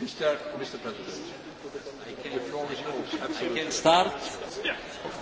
Mr. Mr. President, I can, I can start.